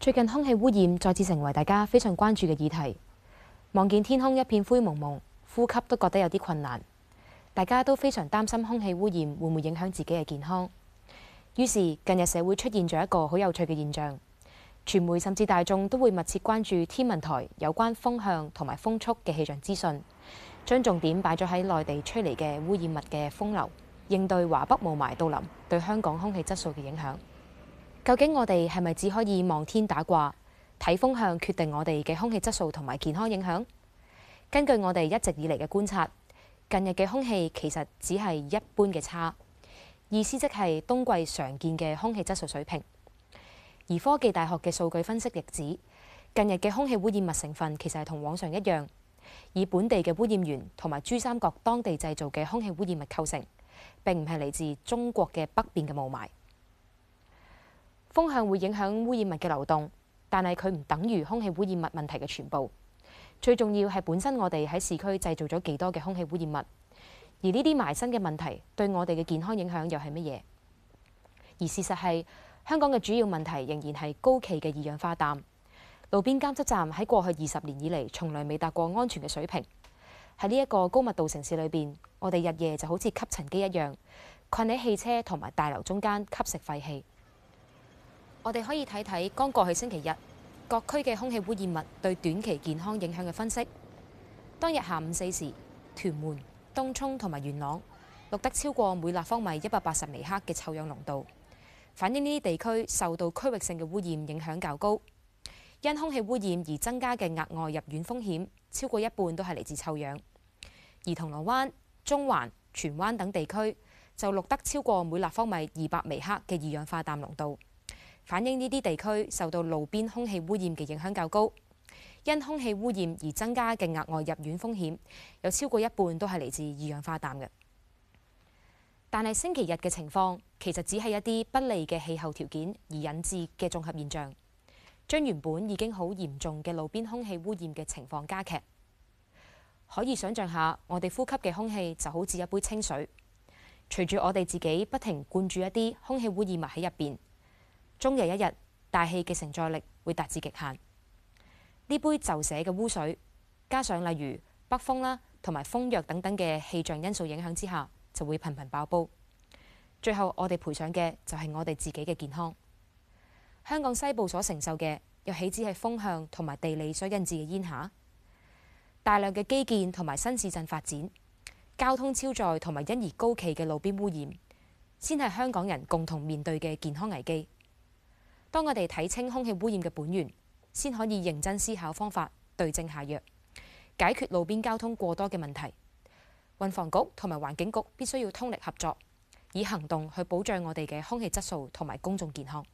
最近空氣污染再次成為大家非常關注嘅議題，望見天空一片灰蒙蒙，呼吸都覺得有啲困難，大家都非常擔心空氣污染會唔會影響自己嘅健康。於是近日社會出現咗一個好有趣嘅現象，傳媒甚至大眾都會密切關注天文台有關風向同埋風速嘅氣象資訊，將重點擺咗喺內地吹嚟嘅污染物嘅風流，應對華北霧霾到臨對香港空氣質素嘅影響。究竟我哋係咪只可以望天打卦，睇風向決定我哋嘅空氣質素同埋健康影響？根據我哋一直以嚟嘅觀察，近日嘅空氣其實只係一般嘅差，意思即係冬季常見嘅空氣質素水平。而科技大學嘅數據分析亦指，近日嘅空氣污染物成分其實係同往常一樣，以本地嘅污染源同埋珠三角當地製造嘅空氣污染物構成，並唔係嚟自中國嘅北邊嘅霧霾。風向會影響污染物嘅流動，但係佢唔等於空氣污染物問題嘅全部。最重要係本身我哋喺市區製造咗幾多嘅空氣污染物，而呢啲埋身嘅問題對我哋嘅健康影響又係乜嘢？而事實係香港嘅主要問題仍然係高企嘅二氧化氮。路邊監測站喺過去二十年以嚟從來未達過安全嘅水平。喺呢一個高密度城市裏面，我哋日夜就好似吸塵機一樣困喺汽車同埋大樓中間吸食廢氣。我哋可以睇睇剛過去星期日各區嘅空氣污染物對短期健康影響嘅分析。當日下午四時，屯門、東涌同埋元朗錄得超過每立方米一百八十微克嘅臭氧濃度，反映呢啲地區受到區域性嘅污染影響較高。因空氣污染而增加嘅額外入院風險超過一半都係嚟自臭氧。而銅鑼灣、中環、荃灣等地區就錄得超過每立方米二百微克嘅二氧化氮濃度。反映呢啲地區受到路邊空氣污染嘅影響較高，因空氣污染而增加嘅額外入院風險有超過一半都係嚟自二氧化氮嘅。但係星期日嘅情況其實只係一啲不利嘅氣候條件而引致嘅綜合現象，將原本已經好嚴重嘅路邊空氣污染嘅情況加劇。可以想像下，我哋呼吸嘅空氣就好似一杯清水，隨住我哋自己不停灌注一啲空氣污染物喺入面。中日一日，大氣嘅承載力會達至極限。呢杯就寫嘅污水，加上例如北風啦，同埋風弱等等嘅氣象因素影響之下，就會頻頻爆煲。最後，我哋賠上嘅就係我哋自己嘅健康。香港西部所承受嘅，又豈止係風向同埋地理所引致嘅煙霞？大量嘅基建同埋新市鎮發展、交通超載同埋因而高企嘅路邊污染，先係香港人共同面對嘅健康危機。當我哋睇清空氣污染嘅本源，先可以認真思考方法，對症下藥，解決路邊交通過多嘅問題。運房局同埋環境局必須要通力合作，以行動去保障我哋嘅空氣質素同埋公眾健康。